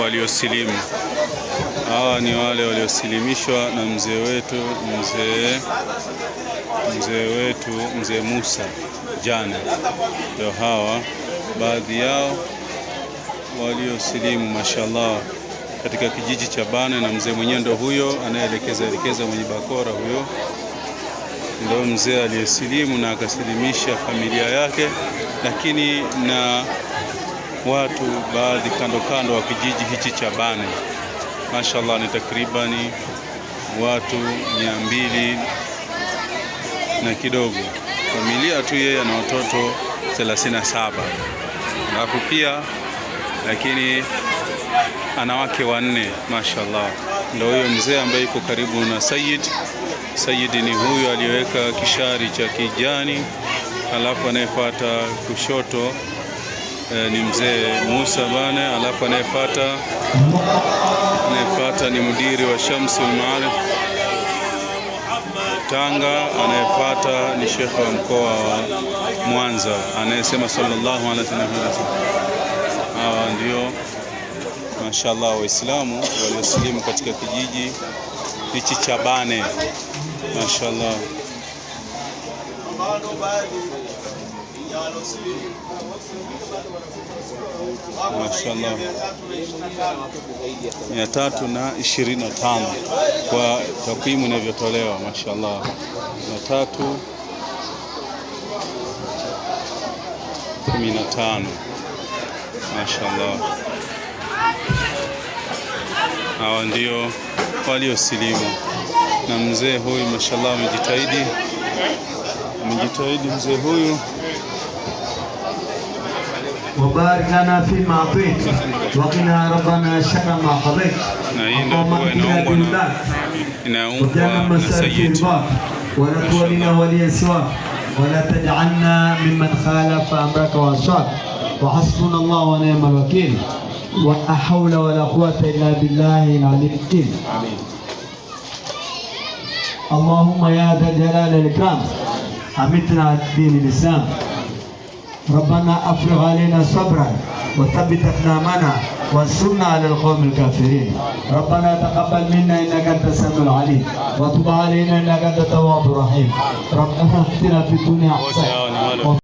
Waliosilimu hawa ni wale waliosilimishwa na mzee wetu mzee mzee wetu mzee Musa jana. Ndio hawa baadhi yao waliosilimu, mashallah, katika kijiji cha Bane, na mzee mwenyewe ndio huyo anayeelekeza elekeza, mwenye bakora huyo ndio mzee aliyesilimu na akasilimisha familia yake, lakini na watu baadhi kando kando wa kijiji hichi cha Bane. Mashallah, ni takribani watu mia mbili na kidogo, familia tu yeye ana watoto 37 alafu pia lakini ana wake wanne mashallah. Ndio huyo mzee ambaye yuko karibu na Sayyid. Sayyid ni huyo aliyeweka kishari cha kijani, alafu anayefuata kushoto eh, ni mzee Musa bane alafu anayefuata anayefuata ni mdiri wa Shamsul Maarif Tanga, anayefuata ni shekhe wa mkoa wa Mwanza anayesema sallallahu alaihi wasallam. Hawa ndio mashaallah Waislamu waliosilimu katika kijiji hichi cha Bane, mashaallah. Mashallah, mia tatu na ishirini na tano kwa takwimu inavyotolewa. Mashallah, mia tatu kumi na tano. Mashallah, hawa ndio waliosilimu na mzee huyu mashallah, amejitahidi amejitahidi mzee huyu وبارك لنا فيما أعطيت وقنا ربنا شر ما قضيت اللهم اهدنا بالله وجعلنا مسائل بار ولا تولنا وليا سواك ولا تجعلنا ممن خالف أمرك واصاك وحسبنا الله ونعم الوكيل ولا حول ولا قوة إلا بالله العلي الكريم اللهم يا ذا الجلال والإكرام أمتنا على دين الإسلام ربنا افرغ علينا صبرا وثبت اقدامنا وانصرنا على القوم الكافرين ربنا تقبل منا انك انت السميع العليم وتب علينا انك انت التواب الرحيم ربنا اتنا في الدنيا حسنه